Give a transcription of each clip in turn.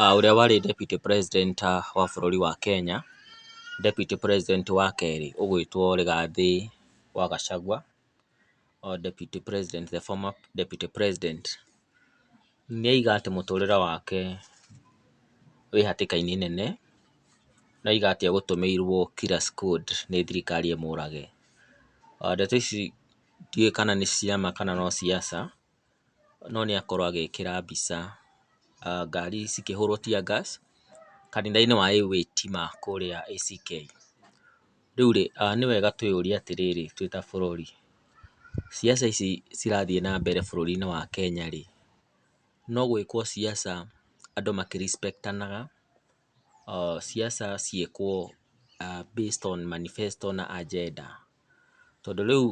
Ah, ũrĩa warĩ deputy president ah, wa bũrũri wa Kenya, deputy president wa kerĩ ũgwĩtwo Rigathi wa Gachagua, o oh, deputy president, the former deputy president, nĩ aiga atĩ mũtũrĩre wake wĩ hatĩka-inĩ nene, na aiga atĩ agũtũmĩirwo killer's code nĩ thirikari ĩmũrage. Ah, ndeto ici ndiũĩ kana nĩ ciama kana no ciaca, no nĩ akorwo agĩkĩra mbica. ngari cikĩhũrwo tear gas kanitha-inĩ wa Ĩwĩtima kũrĩa ACK. Rĩu rĩ, nĩ wega twĩyũrie atĩrĩrĩ twĩ ta bũrũri, ciaca ici cirathiĩ na mbere bũrũri-inĩ wa Kenya rĩ, no gwĩkwo ciaca andũ makĩ respect anaga, ciaca ciĩkwo based on manifesto na agenda, tondũ rĩu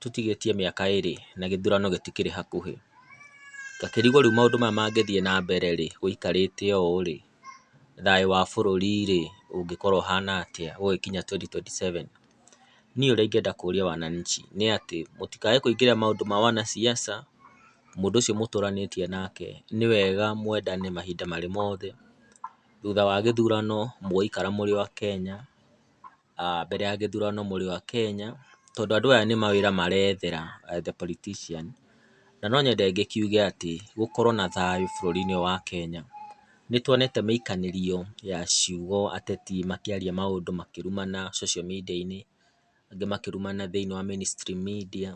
tũtigĩtie mĩaka ĩrĩ na gĩthurano gĩtikĩrĩ hakuhĩ ngakĩrigwo rĩu maũndũ maya mangĩthiĩ na mbere rĩ, gũikarĩte ũũ rĩ, thayũ wa bũrũri rĩ, ũngĩkorwo ũhana atĩa gũgĩkinya twenty twenty seven. Niĩ ũrĩa ingĩenda kũria wananchi nĩ atĩ, mũtikae kũingĩrĩra maũndũ ma wanasiasa, mũndũ ũcio mũtũranĩtie nake, nĩ wega mwendane mahinda marĩ mothe, thutha wa gĩthurano mũgũikara mũrĩ o Akenya, mbere ya gĩthurano mũrĩ o Akenya, tondũ andũ aya nĩ mawĩra marethera eh, the politician na no nyende ngĩkiuge atĩ gũkorwo na thayũ bũrũri-inĩ wa Kenya. Nĩ tuonete mĩikanĩrio ya ciugo ateti makĩaria maũndũ makĩrumana social media-inĩ, angĩ makĩrumana thĩiniĩ wa mainstream media.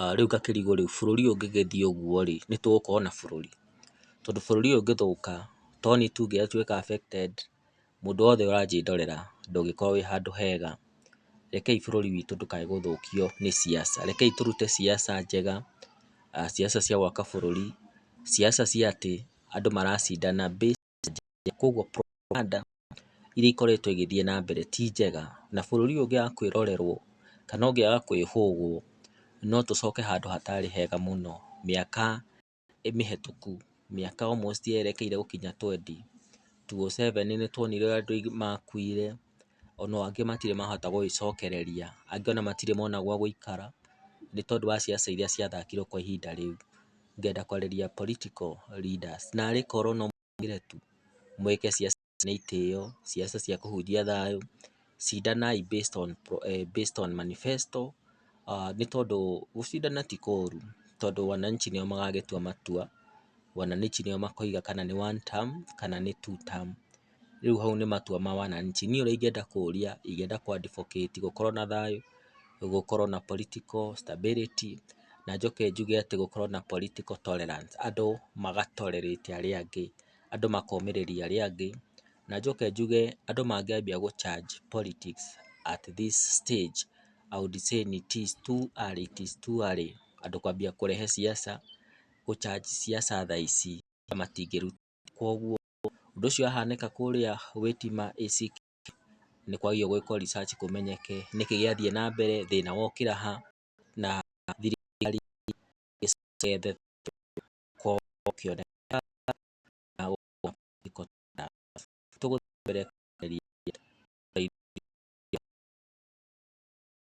Ah, rĩu ngakĩrigwo rĩu bũrũri ũyũ ũngĩgĩthiĩ ũguo rĩ, nĩ tũgũkorwo na bũrũri? Tondũ bũrũri ũyũ ũngĩthũka, to niĩ tu ũngĩtuĩka affected, mũndũ wothe ũranjĩndorera ndũngĩkorwo wĩ handũ hega. Rekei bũrũri witũ ndũkae gũthũkio nĩ ciaca, Rekei tũrute ciaca njega ciaca ah, cia gwaka bũrũri, ciaca cia atĩ andũ maracindana koguo propaganda iria ikoretwo igĩthiĩ na mbere ti njega, na bũrũri ũyũ ũngĩaga kwĩrorerwo kana ũngĩaga kwĩhũgwo, no tũcoke handũ hatarĩ hega mũno. Mĩaka mĩhĩtũku, mĩaka almost yerekeire gũkinya twendi, 2007 nĩtuonire andũ aingĩ makuire, ona angĩ matirĩ mahota gwĩcokereria, angĩ ona matirĩ mona gwa gũikara nĩ tondũ wa ciaca iria ciathakirwo kwa ihinda rĩu. Ngenda kwarĩria political leaders narĩ korwo no mũingĩre tu, mwĩke ciaca na itĩo, ciaca cia kũhunjia thayũ, cindanai based on eh, manifesto ah, nĩ tondũ gũcindana ti kũru, tondũ wananchi nĩo magagĩtua matua, wananchi nĩo makoiga kana nĩ one term kana nĩ two term. Rĩu hau nĩ matua ma wananchi. Niĩ ũrĩa ingĩenda kũria, ingĩenda kũ advocate gũkorwo na thayũ gũkorwo na political stability, na njoke njuge atĩ gũkorwo na political tolerance, andũ magatorerĩte arĩa angĩ, andũ makomĩrĩria arĩa angĩ, na njoke njuge andũ mangĩambia gũ charge politics at this stage I would say it is too early, it is too early andũ kwambia kũrehe ciaca, gũ charge ciaca thaa ici matingĩruta, kuoguo ũndũ ũcio wahanĩka kũrĩa Witima ACK nĩ kwagĩrĩirwo gwĩkwo research kũmenyeke nĩkĩ gĩathiĩ na mbere, thĩna wokĩra ha, na thirikari ĩgethe gũkĩoneka na tũgũthiĩ na mbere